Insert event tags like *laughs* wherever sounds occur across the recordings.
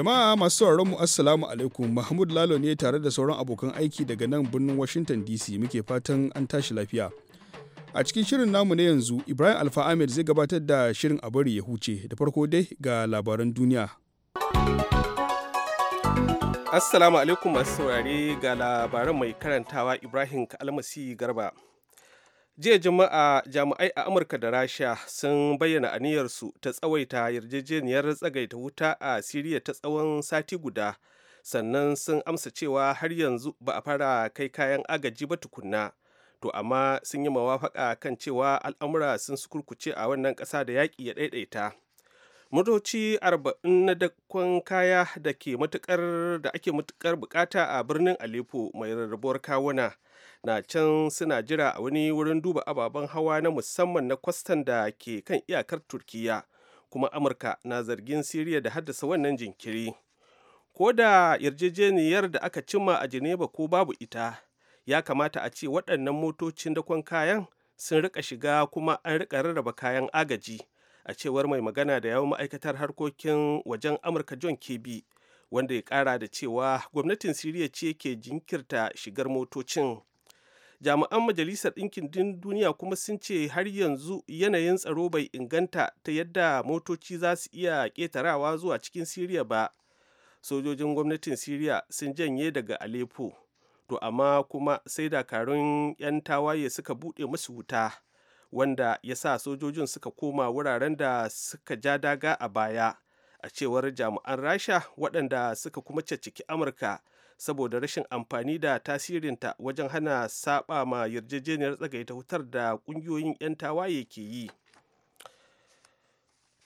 Jama'a masu sauraron mu Assalamu alaikum Mahmud Lalo ne tare da sauran abokan aiki daga nan birnin Washington DC muke fatan an tashi lafiya. A cikin shirin namu na yanzu Ibrahim Alfa Ahmed zai gabatar da shirin a bari ya huce da farko dai ga labaran duniya. Assalamu alaikum masu saurare ga labaran mai karantawa Ibrahim Kalmasi Garba. jiya juma'a jami'ai a amurka da rasha sun bayyana aniyarsu ta tsawaita yarjejeniyar tsagaita wuta a siriya ta tsawon sati guda sannan sun amsa cewa har yanzu ba a fara kai kayan agaji ba tukunna to amma sun yi mawafaka kan cewa al'amura sun sukurkuce a wannan ƙasa da yaƙi ya ɗaiɗaita motoci arba'in na dakon kaya da ke matukar da ake matuƙar bukata a birnin aleppo mai rarrabuwar kawuna na can suna jira a wani wurin duba ababen hawa na musamman na kwastan da ke kan iyakar turkiya kuma amurka na zargin siriya da haddasa wannan jinkiri ko da yarjejeniyar da aka cimma a geneva ko babu ita ya kamata a ce waɗannan motocin dakon kayan sun rika shiga kuma an rika rarraba kayan agaji a cewar mai magana da yawon ma'aikatar harkokin wajen amurka john kebi wanda ya kara da cewa gwamnatin siriya ce ke jinkirta shigar motocin jami'an majalisar ɗinkin duniya kuma sun ce har yanzu yanayin tsaro bai inganta ta yadda motoci za su iya ƙetarawa zuwa cikin siriya ba sojojin gwamnatin siriya sun janye daga aleppo to amma kuma sai dakarun 'yan tawaye suka buɗe musu wuta wanda ya sa sojojin suka koma wuraren da suka ja daga a baya a cewar jami'an rasha waɗanda suka kuma cacciki amurka saboda rashin amfani da tasirinta wajen hana saba ma yarjejeniyar tsagaita wutar da kungiyoyin 'yan tawaye ke yi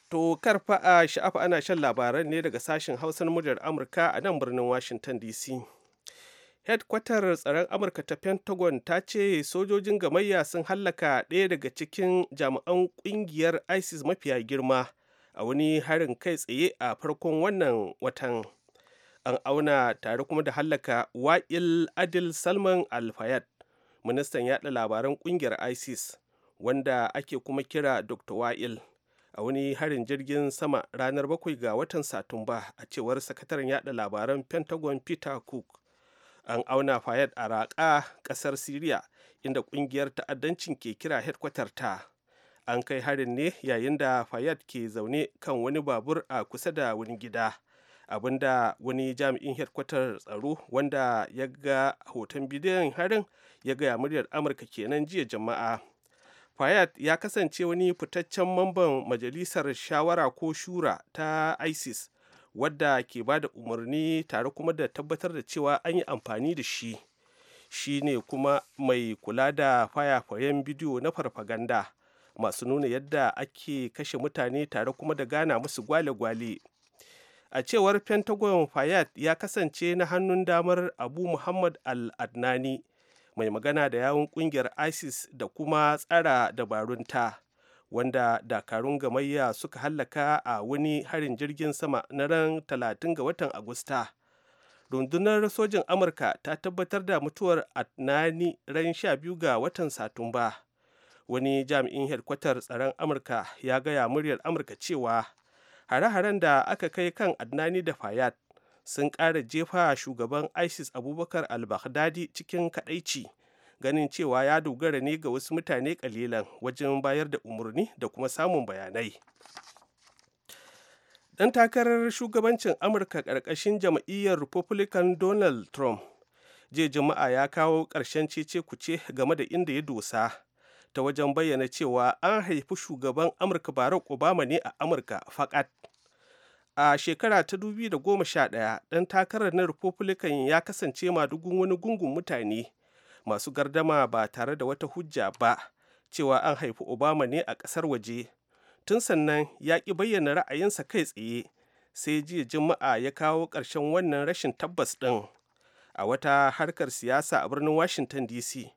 to karfa a sha'afa ana shan labaran ne daga sashen hausar muryar amurka a nan birnin washington dc headkwatar tsaron amurka ta pentagon ta ce sojojin gamayya sun hallaka ɗaya daga cikin jami'an ƙungiyar isis mafiya girma a wani harin kai tsaye a farkon wannan watan an auna tare kuma da hallaka wa'il adil salman al-fayad ministan yaɗa labaran ƙungiyar isis wanda ake kuma kira dr wa'il a wani harin jirgin sama ranar bakwai ga watan satumba a cewar sakataren yaɗa labaran pentagon peter cook an auna fayad a raƙa ƙasar syria inda ƙungiyar ta'addancin ke kira headkwatar ta an kai harin ne yayin da fayad ke zaune kan wani babur a kusa da wani gida abinda wani jami'in hedkwatar tsaro wanda ya ga hoton bidiyon harin ya gaya muryar amurka kenan jiya jama'a fayad ya kasance wani fitaccen mamban majalisar shawara ko shura ta isis wadda ke ba da umarni tare kuma da tabbatar da cewa an yi amfani da shi shi ne kuma mai kula da fayafayen bidiyo na farfaganda masu nuna yadda ake kashe mutane tare kuma da gana musu gwale-gwale a cewar pentagon fayad ya kasance na hannun damar abu muhammad al-adnani mai magana da yawun kungiyar isis da kuma tsara dabarunta wanda dakarun gamayya suka hallaka a wani harin jirgin sama na ran 30 ga watan agusta rundunar sojin amurka ta tabbatar da mutuwar adnani ran 12 ga watan satumba wani jami'in headkwatar tsaron amurka ya gaya muryar amurka cewa hare-haren da aka kai kan adnani da fayyad sun ƙara jefa shugaban isis abubakar al-baghdadi cikin kadaici ganin cewa ya dogara ne ga wasu mutane kalilan wajen bayar da umarni da kuma samun bayanai ɗan takarar shugabancin amurka ƙarƙashin jam'iyyar republican donald trump jiya jama'a ya kawo ƙarshen cece kuce game da inda ya dosa ta wajen bayyana cewa an haifi shugaban amurka barack obama ne a amurka fakat a shekara ta 2011 ɗan takarar na republican ya kasance madugun wani gungun mutane masu gardama ba tare da wata hujja ba cewa an haifi obama ne a ƙasar waje tun sannan ya ƙi bayyana ra'ayinsa kai tsaye sai jiya juma'a ya kawo ƙarshen wannan rashin tabbas ɗin a wata harkar siyasa a birnin washington dc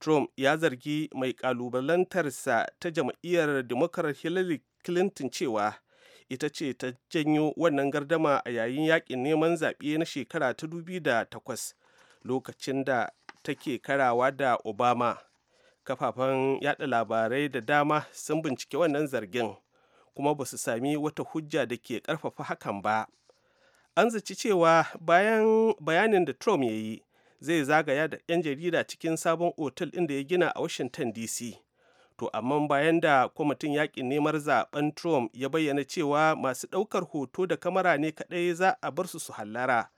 Trump ya zargi mai kalubalantarsa ta jam'iyyar Democrat Hillary Clinton cewa ita ce ta janyo wannan gardama a yayin yakin neman zaɓe na shekara ta da takwas lokacin da take karawa da Obama. Kafafen yada labarai da dama sun bincike wannan zargin kuma ba su sami wata hujja da ke ƙarfafa hakan ba. An zaci cewa bayan bayanin da Trump ya yi zai zagaya da 'yan jarida cikin sabon otal inda ya gina a washington dc to amma bayan da kwamitin yakin neman zaben trump ya bayyana cewa masu ɗaukar hoto da kamara ne kaɗai za a bar su su hallara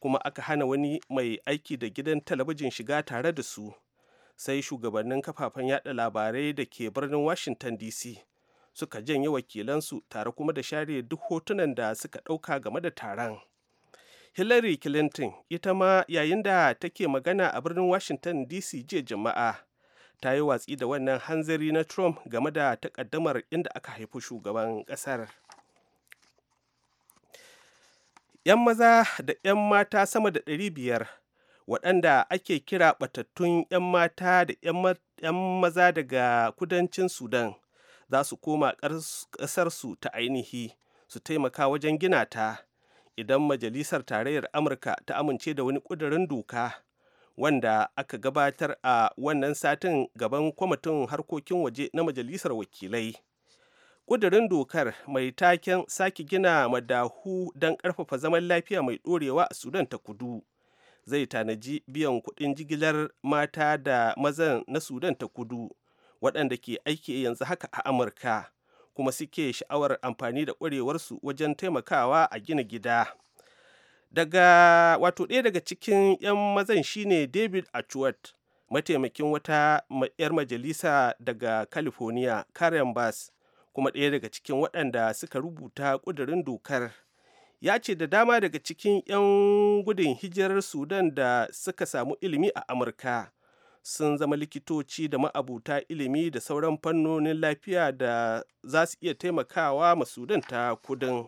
kuma aka hana wani mai aiki da gidan talabijin shiga tare da su sai shugabannin kafafen yada labarai da ke birnin washington dc suka janye wakilansu tare kuma da share duk hotunan da suka ɗauka game da taron hillary clinton ita ma yayin da take magana a birnin washington dc jiya jama'a ta yi watsi da wannan hanzari na trump game da takaddamar inda aka haifi shugaban kasar 'yan maza da 'yan mata sama da ɗari biyar waɗanda ake kira ɓatattun 'yan mata da 'yan maza daga kudancin sudan za su koma ƙasarsu ta ainihi su taimaka wajen gina ta idan majalisar tarayyar amurka ta amince da wani ƙudirin doka wanda aka gabatar a wannan satin gaban kwamitin harkokin waje na majalisar wakilai ƙudirin dokar mai taken sake gina madahu don ƙarfafa zaman lafiya mai ɗorewa a sudan ta kudu zai tanaji biyan kuɗin jigilar mata da mazan na sudan ta kudu waɗanda ke aiki yanzu haka a amurka kuma suke sha'awar amfani da ƙwarewarsu wajen taimakawa a gina gida daga wato ɗaya daga cikin 'yan mazan shine david achuwat mataimakin wata 'yar majalisa daga california karen bass kuma ɗaya daga cikin waɗanda suka rubuta ƙudurin dokar ya ce da dama daga cikin 'yan gudun hijirar sudan da suka samu ilimi a amurka sun zama likitoci da ma'abuta ilimi da sauran fannonin lafiya da za su iya taimakawa ma sudan ta kudin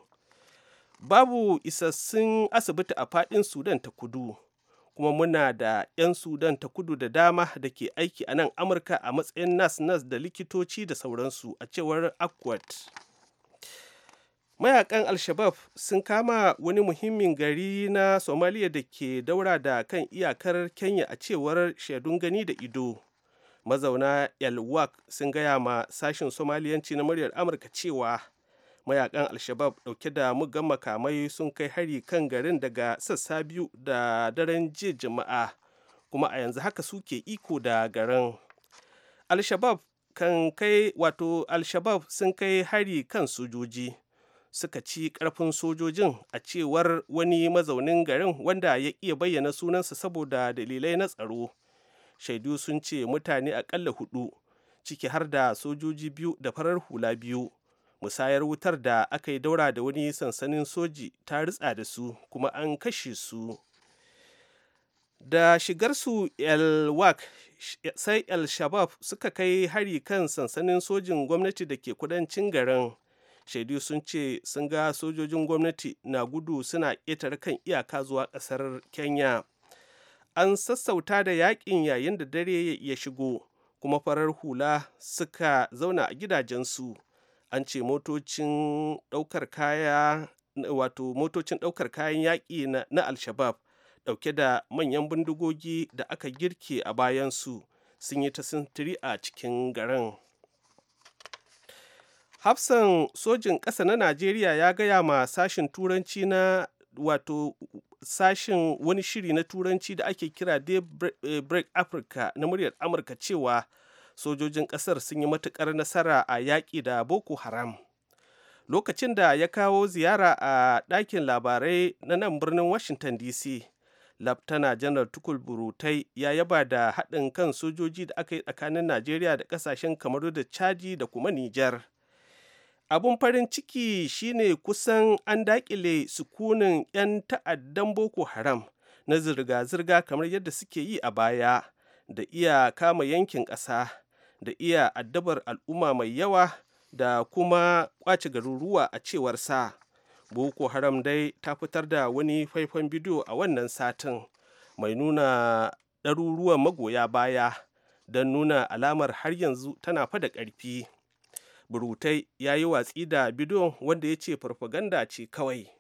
babu isassun asibiti a fadin sudan ta kudu kuma muna da 'yan sudan ta kudu da dama da ke aiki a nan amurka a matsayin nas nas da likitoci da sauransu a cewar akwat mayakan al-shabab sun kama wani muhimmin gari na somaliya da ke daura da kan iyakar kenya a cewar shaidun gani da ido mazauna elwak sun gaya ma sashin somaliyanci na muryar amurka cewa mayakan al-shabab dauke da mugan makamai sun kai hari kan garin daga sassa biyu da daren jiya jama'a kuma a yanzu haka suke iko da garin al-shabab kan kai wato al-shabab sun kai hari kan sojoji suka ci ƙarfin sojojin a cewar wani mazaunin garin wanda ya iya bayyana sunansa saboda dalilai na tsaro shaidu sun ce mutane aƙalla hudu ciki har da sojoji biyu da farar hula biyu musayar wutar da aka yi daura da wani sansanin soji ta ritsa da su kuma an kashe su da shigarsu elwak sai el shabab suka kai hari kan sansanin sojin gwamnati da ke kudancin garin shaidu sun ce sun ga sojojin gwamnati na gudu suna ƙetare kan iyaka zuwa ƙasar kenya an sassauta da yaƙin yayin da dare ya shigo kuma farar hula suka zauna a gidajensu an ce motocin ɗaukar kaya wato motocin ɗaukar kayan yaƙi na, alshabab ɗauke da manyan bindigogi da aka girke a bayansu sun yi ta sintiri a cikin garin hafsan sojin ƙasa na najeriya ya gaya ma sashin turanci na wato sashin wani shiri na turanci da ake kira day eh, break africa na muryar amurka cewa sojojin ƙasar sun yi matuƙar nasara a yaƙi da boko haram lokacin da ya kawo ziyara a ɗakin labarai na nan birnin washington dc laftana janar tukul burutai ya yaba da haɗin kan sojoji da aka yi tsakanin najeriya da ƙasashen kamaru da chadi da kuma nijar abun farin ciki shine kusan an dakile sukunin 'yan ta'addan boko haram na zirga-zirga kamar yadda suke yi a baya da iya kama yankin ƙasa da iya addabar al'umma mai yawa da kuma ƙwace garuruwa a cewar sa boko haram dai ta fitar da wani faifan bidiyo a wannan satin mai nuna ɗaruruwan magoya baya don nuna alamar har yanzu tana fada ƙarfi burutai ya yi watsi da bidiyon wanda ya ce farfaganda ce kawai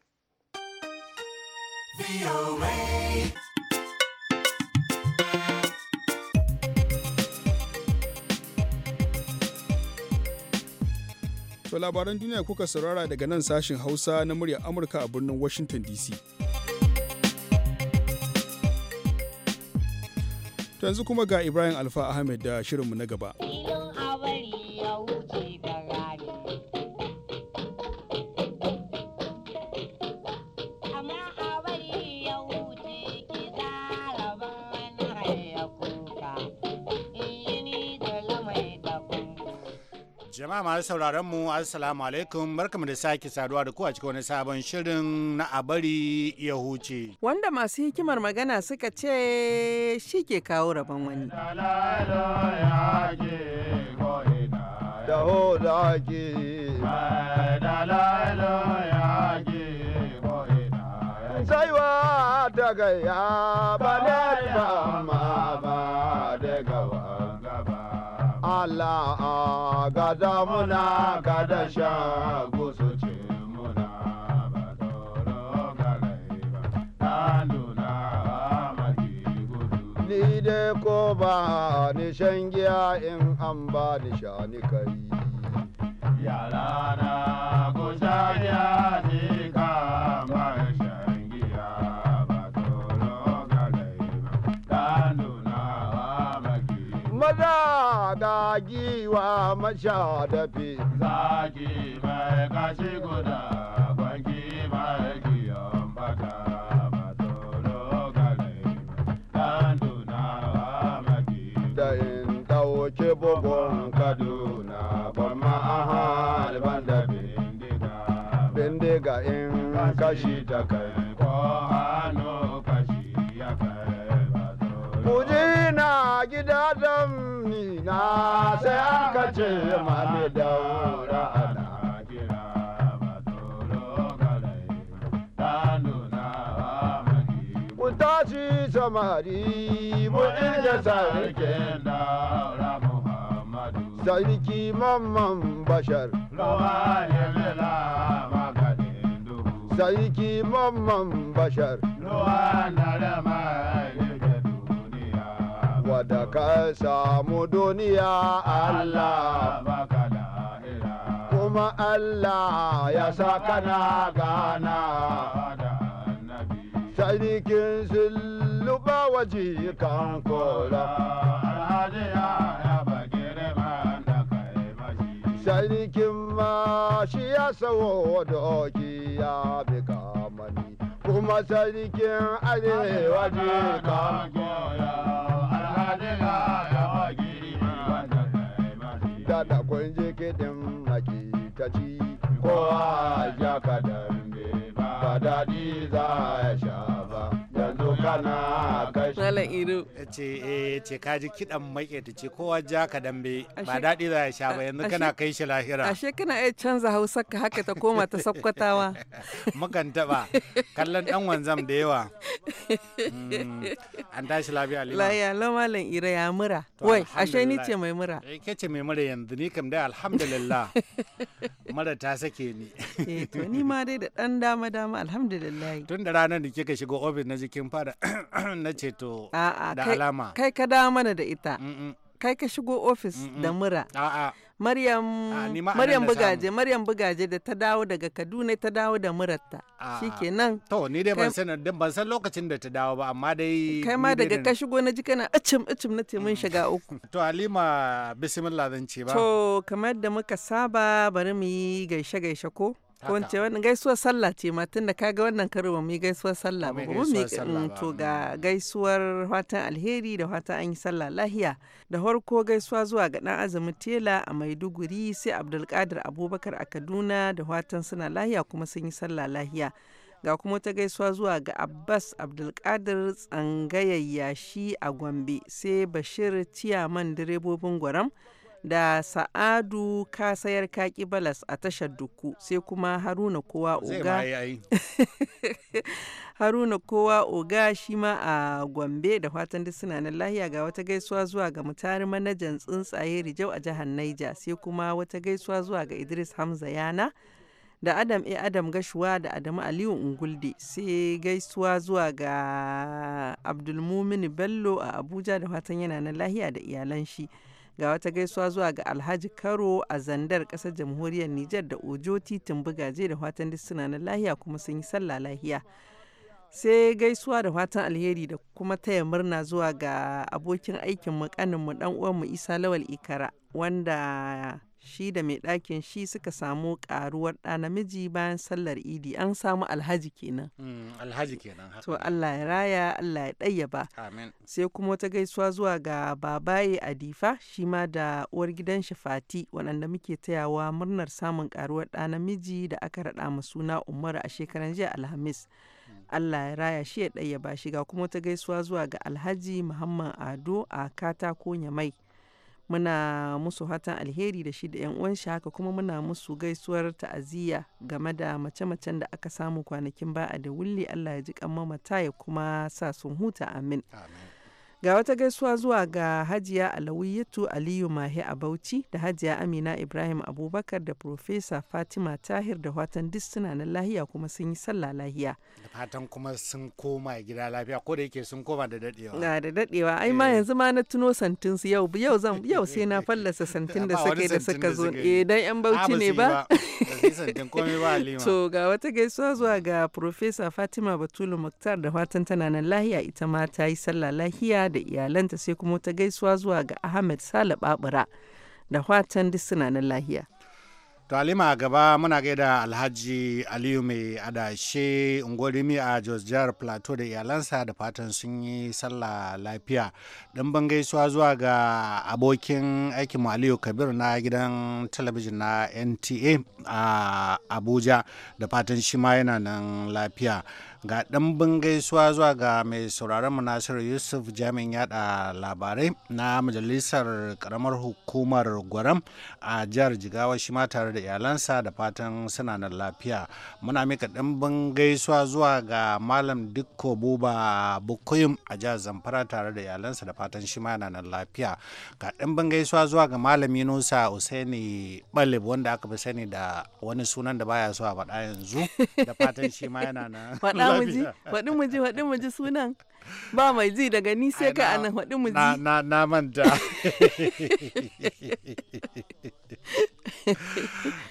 To labaran duniya kuka saurara daga nan sashin Hausa na muryar Amurka a birnin Washington DC. To yanzu kuma ga Ibrahim Alfa Ahmed da shirinmu na gaba. Jama'a masu sauraron mu Assalamu alaikum barkamu da sake saduwa da ku a cikin wani sabon shirin na abari ya huce. Wanda masu hikimar magana suka ce shi ke kawo rabon wani. Saiwa daga ya ba Allah a gada muna gada sha gusu ce muna ba tsoro garai ba ta nuna maki gudu. Ni de ko ba ni shan in an ba ni sha ni kai. Yara na ku sha giya ni kama da da wa masha dafi zagi mai kashi guda kwanki mai kiyon baka matolo gare dan dunawa maki da in dauke bugun kaduna ban ma'ahal ban da bindiga bindiga in kashi ta kai a gida damni na sai aka ce mani daura ana kira madoro kalai ta nuna wa magi ku tashi samari mu inda sarkin daura muhammadu sarki mamman bashar rawa yalila maganin duhu sarki mamman bashar rawa na da wadda ka samu duniya Allah baka lahira kuma Allah ya sa kana gana da annabi sarikin sulluba waje kan kola alhaji ya Sarkin ma shi ya sawo doki ya bi kamani kuma sarkin arewa je kan kora. da da kun je kiɗin maki ta ci kowa ya ka dambe ba daɗi za ya sha ba yanzu kana malam iru ce eh, ce kaji kidan ta ce kowa ja ka dambe ba daɗi za ya sha ba yanzu kana kai shi lahira ashe kana iya canza hausar ka haka ta koma ta sakkwatawa *laughs* mukan taba kallon dan wanzam da yawa hmm, an tashi lafiya lima lafiya lo malam iro ya mura wai ashe ni ce mai mura eh, ke ce mai mura yanzu ni kam dai alhamdulillah *laughs* mara ta sake ni eh to ni ma dai da dan dama dama alhamdulillah tun da ranar da kika shiga ofis na jikin fara *coughs* na ce wato da alama kai ka dawo mana da ita kai ka shigo ofis da mura maryam bugaje maryam bugaje da ta dawo daga kaduna ta dawo da murarta shikenan to ni dai ban san ban san lokacin da ta dawo ba amma dai kai ma daga ka shigo na ji kana icim icim na mun shiga uku *laughs* to halima bismillah zan ce ba to kamar da muka saba bari mu yi gaishe gaishe ko ko wance gaisuwar sallah ce ma tunda kaga wannan karo ba mu gaisuwar sallah ba mu mi mm, to ga mm. gaisuwar fatan alheri da fatan an yi sallah lahiya da farko gaisuwa zuwa ga dan azumi tela a Maiduguri sai Abdulkadir Abubakar a Kaduna da fatan suna lahiya kuma sun yi sallah lahiya ga kuma ta gaisuwa zuwa ga Abbas Abdulkadir tsangayayyashi a Gombe sai Bashir Tiyaman direbobin Gwaram da sa'adu ka sayar kaki balas a tashar duku sai kuma haruna kowa oga *laughs* haruna kowa oga shi ma a gombe da fatan duk suna nan lahiya ga wata gaisuwa zuwa ga mutari manajan tsuntsaye rijau a jihar naija sai kuma wata gaisuwa zuwa ga idris hamza yana da adam e adam gashuwa da adamu aliyu ungulde sai gaisuwa zuwa ga abdulmumin bello a abuja da fatan yana nan lahiya da iyalan shi ga wata gaisuwa zuwa ga alhaji karo a zandar ƙasar jamhuriyar nijar da ojo titin bugaje da fatan duk suna na lahiya kuma sun yi sallah lahiya sai gaisuwa da fatan alheri da kuma taya murna zuwa ga abokin aikin mu kanin mu dan uwan mu isa lawal ikara wanda shi da mai ɗakin shi suka samu ƙaruwar ɗa namiji bayan sallar idi an samu alhaji kenan mm, alhaji kenan to Allah ya raya Allah ya ɗayyaba sai kuma wata gaisuwa zuwa ga babaye adifa shi ma da uwar gidan shi fati waɗanda muke tayawa murnar samun ƙaruwar ɗa namiji da aka raɗa mu suna umar a shekaran jiya alhamis mm. Allah ya raya shi ya ɗayyaba shi ga kuma wata gaisuwa zuwa ga alhaji muhammad ado a katako nyamai. muna musu hatan alheri da shi da yan uwan shi haka kuma muna musu gaisuwar ta'aziyya game da mace-macen da aka samu kwanakin ba da wulli Allah ya ji kan mamata ya kuma sa sun huta amin. Ga wata gaisuwa zuwa ga Hajiya Alawiyatu Aliyu Mahi a Bauchi da Hajiya Amina Ibrahim Abubakar da Profesa Fatima Tahir da watan duk suna nan lahiya kuma sun yi sallah lahiya. Da fatan kuma sun koma gida lafiya ko da yake sun koma da dadewa. Na da dadewa ai ma eh. yanzu ma na tuno santin su yau yau zan yau sai na *laughs* fallasa santin da suke da suka zo eh dan yan Bauchi ne ba. *laughs* To ga wata gaisuwa zuwa ga Profesa Fatima Batulu Muktar da watan tana nan lahiya ita ma ta yi sallah lahiya da iyalanta sai kuma ta gaisuwa zuwa ga Ahmed Sale Babura da fatan duk suna nan lahiya. To Alima gaba muna gaida Alhaji Aliyu mai adashe ungwarimi a Jos Jihar Plateau da iyalansa da fatan sun yi sallah lafiya. Dan ban gaisuwa zuwa ga abokin aikinmu Aliyu Kabir na gidan talabijin na NTA a Abuja da fatan shi ma yana nan lafiya. ga ɗan gaisuwa zuwa ga mai sauraron Nasir yusuf jami'in yada labarai na majalisar karamar hukumar gwaram a jihar jigawa shi ma tare da iyalansa da fatan suna nan lafiya muna mika ɗan gaisuwa zuwa ga malam dikko buba bukoyim a jihar zamfara tare da iyalansa da fatan shi ma nan lafiya ga ɗan gaisuwa zuwa ga malam yunusa usaini balib wanda aka fi sani da wani sunan da baya so a faɗa yanzu da fatan shi ma yana nan *laughs* za mu ji faɗi mu ji faɗi mu ji sunan ba mai ji daga ni sai ka anan faɗi mu ji na na manta *laughs*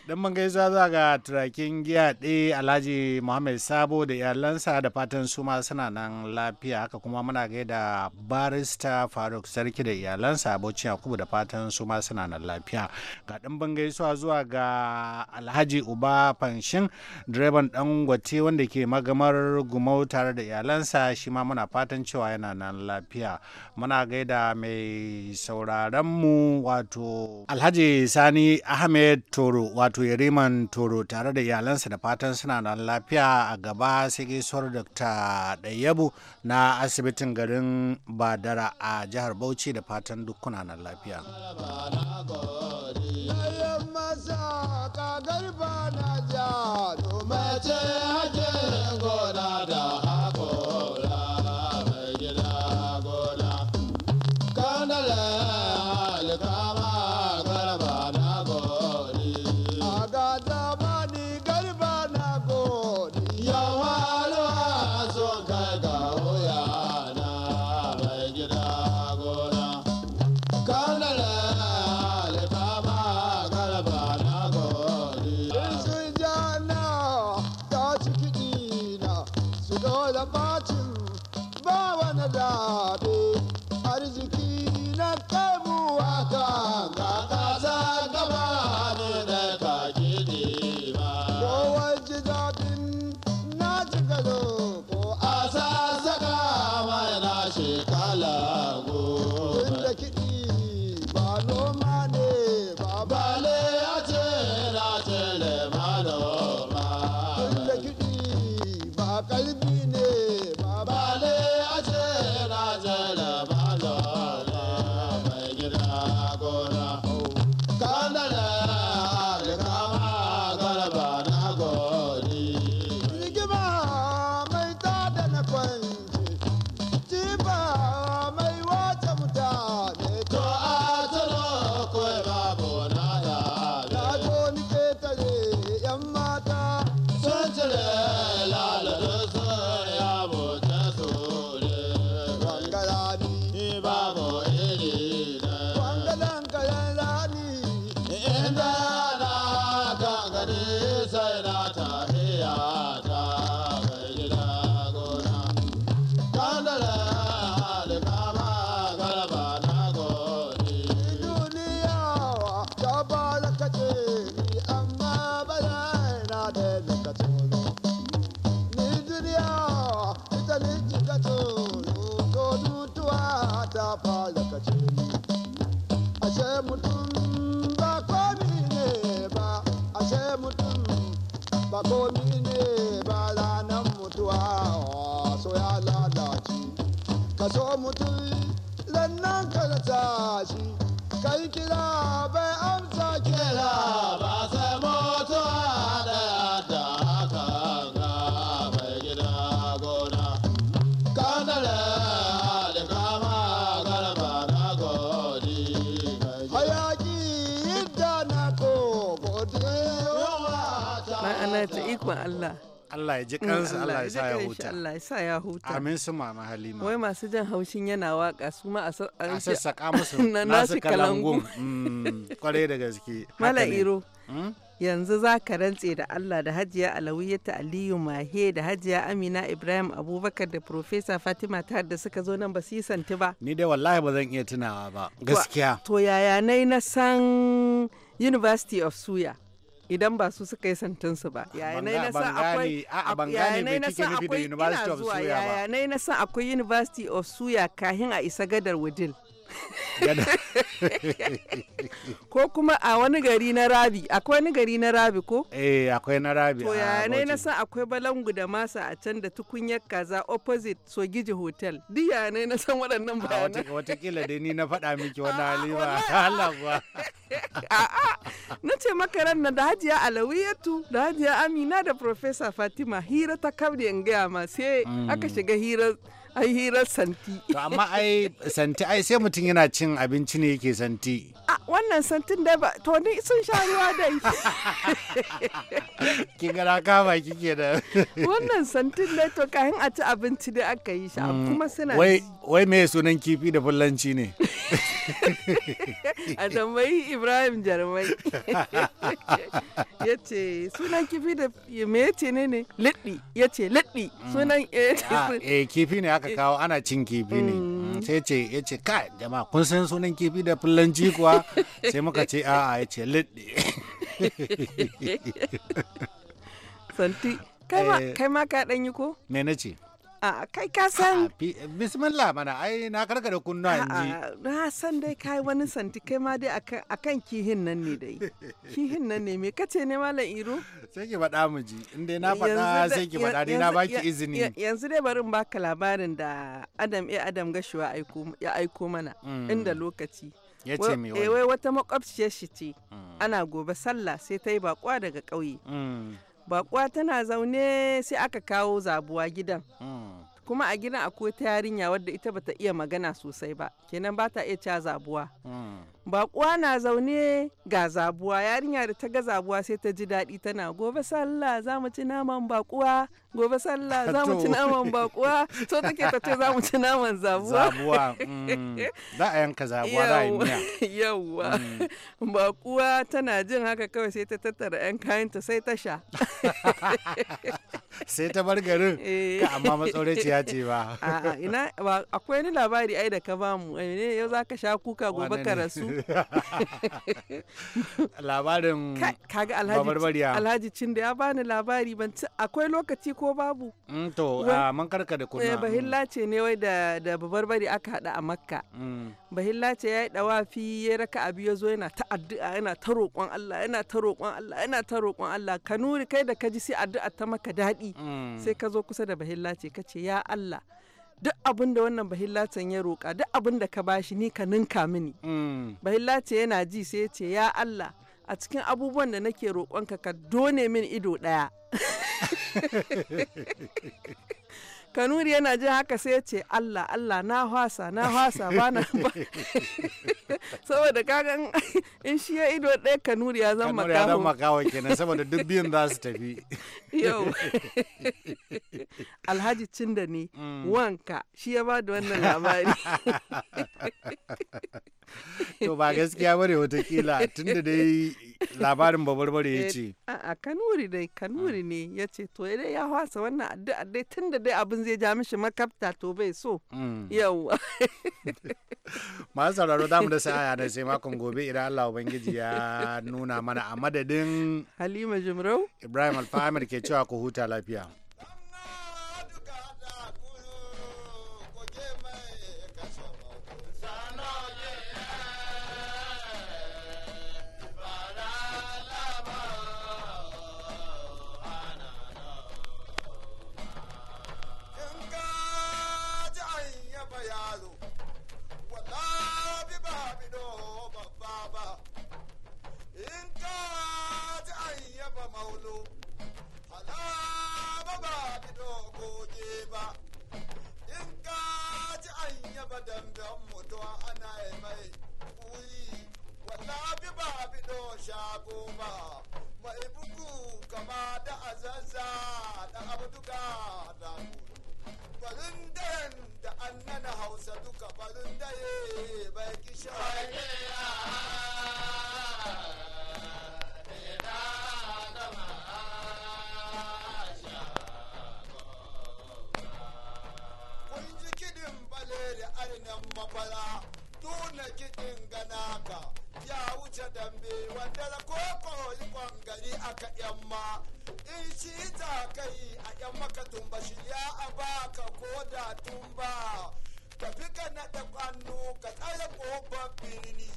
don mun gaisa za ga turakin giya ɗaya alhaji muhammad sabo da iyalansa da fatan su ma suna nan lafiya haka kuma muna gaida barista faruk sarki da iyalansa abokin yakubu da fatan su ma suna nan lafiya ga ɗimbin gaisuwa zuwa ga alhaji uba fanshin direban gwate wanda ke magamar gumau tare da iyalansa shi ma muna fatan cewa yana nan lafiya muna gaida mai mu wato alhaji sani ahmed toro wato wato yariman toro tare da iyalansa da fatan suna da lafiya a gaba sai gaisuwar dr ɗayyabu na asibitin garin badara a jihar bauchi da fatan dukkuna na lafiya garba na ja Allah ya ji mm, kansa Allah ya sa ya huta Allah ya sa ya huta amin su mama halima wai masu jan haushin yana waka su ma a sassaka musu *laughs* nasu kalangun kwarai mm, da gaske *laughs* mala iro mm? yanzu za ka rantse da Allah da Hajiya Alawiyata Aliyu Mahe da Hajiya Amina Ibrahim Abubakar da Profesa Fatima ta da suka zo nan ba su yi santi ba. Ni dai wallahi ba zan iya tunawa ba gaskiya. To yaya nai na san University of Suya. idan ba su suka yi santinsu ba ah, yayanai na san akwai university of suya kahin a isa gadar wudil ko kuma a wani gari na rabi akwai wani gari na rabi ko eh akwai na rabi to yanai na san akwai balangu da masa a can da tukunyar kaza opposite sogiji hotel duk yanai na san waɗannan bayanan watakila dai ni na faɗa miki wani *laughs* ah, hali ba Allah ba *laughs* *laughs* a'a na ce makaran na da hajiya alawiyatu da hajiya amina da professor fatima hira ta kabde in gaya ma sai mm. aka shiga hira a hirar santi amma ai santi ai sai mutum yana cin abinci ne yake santi wannan santin da ba to ni sun sha ruwa dai *laughs* kin ga gara kama kike da *laughs* wannan santin da to kayan a ci abinci da aka yi shi mm. kuma suna wai wai me sunan kifi da fullanci ne *laughs* a tambayi ibrahim jarmai ya ce sunan kifi da me ce ne ne liɗɗi ya ce liɗɗi mm. sunan eh, ah, eh kifi ne aka kawo ana cin kifi ne mm. sai ce ya ce kai jama'a kun san sunan kifi da fulanci kuwa sai muka ce a'a a ce lidde *laughs* santi kai ma eh. ka ɗanyi ko me na ce a kai ka san bismillah mana ai na karka da kunna in ji na san dai kai wani santi kai ma dai akan kihin nan ne dai kihin nan ne me kace ne malam iro sai ki faɗa mu ji in dai na faɗa sai ki faɗa dai na baki izini yanzu dai bari in baka labarin da Adam ya Adam gashuwa ya aiko mana mm. inda lokaci ya ce mai eh, wai wata makwabciyar shi ce mm. ana gobe sallah sai ta yi bakwa daga ƙauye mm. bakwa tana zaune sai aka kawo zabuwa gidan mm. kuma a gidan akwai ta yarinya wadda ita bata iya magana sosai ba kenan bata iya ca zabuwa bakuwa na zaune ga zabuwa yarinya da ta ga zabuwa sai ta ji daɗi tana gobe sallah za mu ci naman bakuwa gobe sallah za mu ci *laughs* naman bakuwa to take ta ce za mu ci naman zabuwa zabuwa mm. za a yanka zabuwa za a yi miya yawwa bakuwa *laughs* mm. tana jin haka kawai sai ta tattara yan kayanta sai ta sha *laughs* sai ta bar garin eh. ka amma matsauraciya ce ba akwai ni labari ai da ka bamu ne eh, yau za ka sha kuka gobe ka rasu *laughs* labarin kaga alhaji alhaji cin da ya bani labari ban ci akwai lokaci ko babu mm, to man karka da kunna eh, mm. bahilla ce ne wai da da babarbari aka hada a makka mm. bahilla ce ya yi dawafi ya raka abu ya zo yana ta addu'a yana ta roƙon Allah yana ta roƙon Allah yana ta roƙon Allah ka nuri kai da ka ji sai addu'a ta maka daɗi sai ka zo kusa da bahilla ce ka ce ya Allah duk abin da wannan bahillatan ya roƙa duk abin da ka bashi ni ka ninka mini mm. bahillata yana ji sai ce ya Allah a cikin abubuwan da nake roƙonka ka done min ido ɗaya *laughs* kanuri yana jin haka sai ya ce allah allah na hwasa na hwasa ba na ba *laughs* saboda kagan in shi ya ido ɗaya kanuri ya zama kanuri ya zama makaho kenan saboda duk biyun za su tafi *laughs* yau *laughs* alhaji da ne mm. wanka shi ya ba da wannan labari to ba gaskiya bare watakila tunda dai *laughs* labarin babarbare ya eh, ce a kanuri dai kanuri ah. ne ya ce to eh, dai ya hwasa wannan addu'ar dai tun da dai abin zai ja mishi makafta to bai so mm. yawwa *laughs* masu sauraro za mu da sa'a da sai makon gobe idan Allah ubangiji ya nuna mana a madadin Halima Jumrau Ibrahim Alfahamir ke cewa ku huta lafiya alabi ba bido shago ba mai bugu kama da azaza da abduga da barin da annan hausa duka barin daye bai kisha Kun kiɗin bale da arnan mafara, tuna kiɗin ganaka. da dambe wanda da koko ikon gari aka yamma in shi ta kai a yan maka tumba shi ya a baka ko da tumba tafi ka naɗa kwano ka tsara kofar birni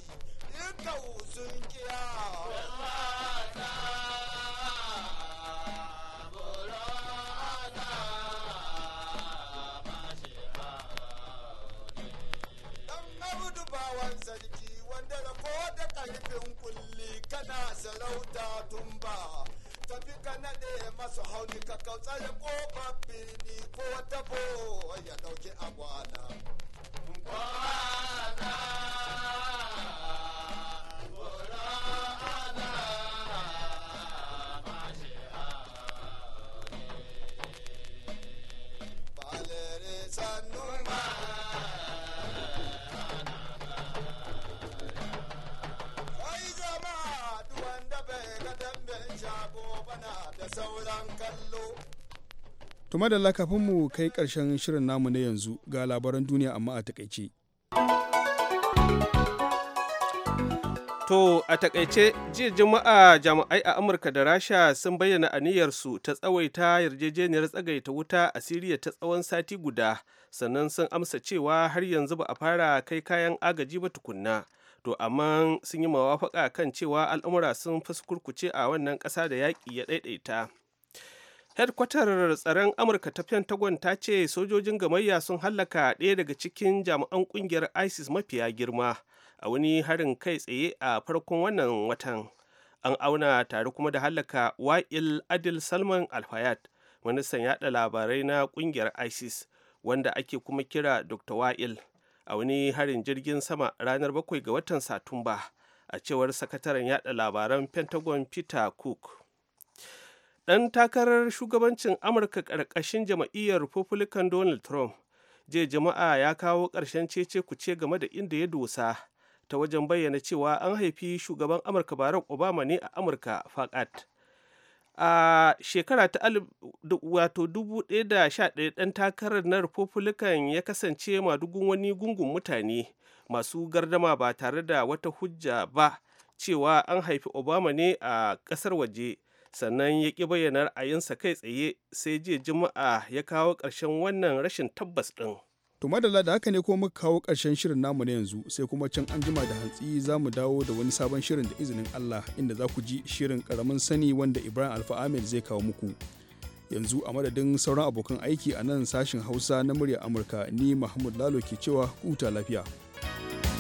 in ka wusun kiya. I sale cuerpo. To madalla kafin mu kai ƙarshen shirin namu na yanzu ga labaran duniya amma a takaice. To a takaice jiya juma'a jami'ai a Amurka da Rasha sun bayyana aniyarsu ta tsawaita yarjejeniyar tsagaita wuta a Siriya ta tsawon sati guda sannan sun amsa cewa har yanzu ba a fara kai kayan agaji ba tukunna. To amma sun yi mawafaka kan cewa al'umura sun fuskurkuce a wannan ƙasa da yaƙi ya ɗaiɗaita. hedkwatar tsaron amurka ta pentagon ta ce sojojin gamayya sun hallaka ɗaya daga cikin jami'an ƙungiyar isis mafiya girma a wani harin kai tsaye a farkon wannan watan an auna tare kuma da hallaka wa'il adil salman alfayat ministan yaɗa labarai na ƙungiyar isis wanda ake kuma kira dr wa'il a wani harin jirgin sama ranar bakwai ga watan satumba a cewar sakataren yaɗa labaran pentagon peter cook ɗan takarar shugabancin amurka ƙarƙashin jama'iyyar republican donald trump je jama'a ya kawo ƙarshen cece kuce game da inda ya dosa ta wajen bayyana cewa an haifi shugaban amurka barack obama ne a amurka fakat a shekara ta wato 2011 ɗan takarar na republican ya kasance madugun wani gungun mutane masu gardama ba tare da wata hujja ba cewa an haifi obama ne a ƙasar waje sannan ya ƙi bayyana ra'ayinsa kai tsaye sai jiya juma'a ya kawo ƙarshen wannan rashin tabbas ɗin. To madalla da haka ne ko muka kawo ƙarshen shirin namu na yanzu sai kuma can an jima da hantsi za mu dawo da wani sabon shirin da izinin Allah inda za ku ji shirin ƙaramin sani wanda Ibrahim Alfa Ahmed zai kawo muku. Yanzu a madadin sauran abokan aiki a nan sashin Hausa na murya Amurka ni Mahmud Lalo ke cewa huta lafiya.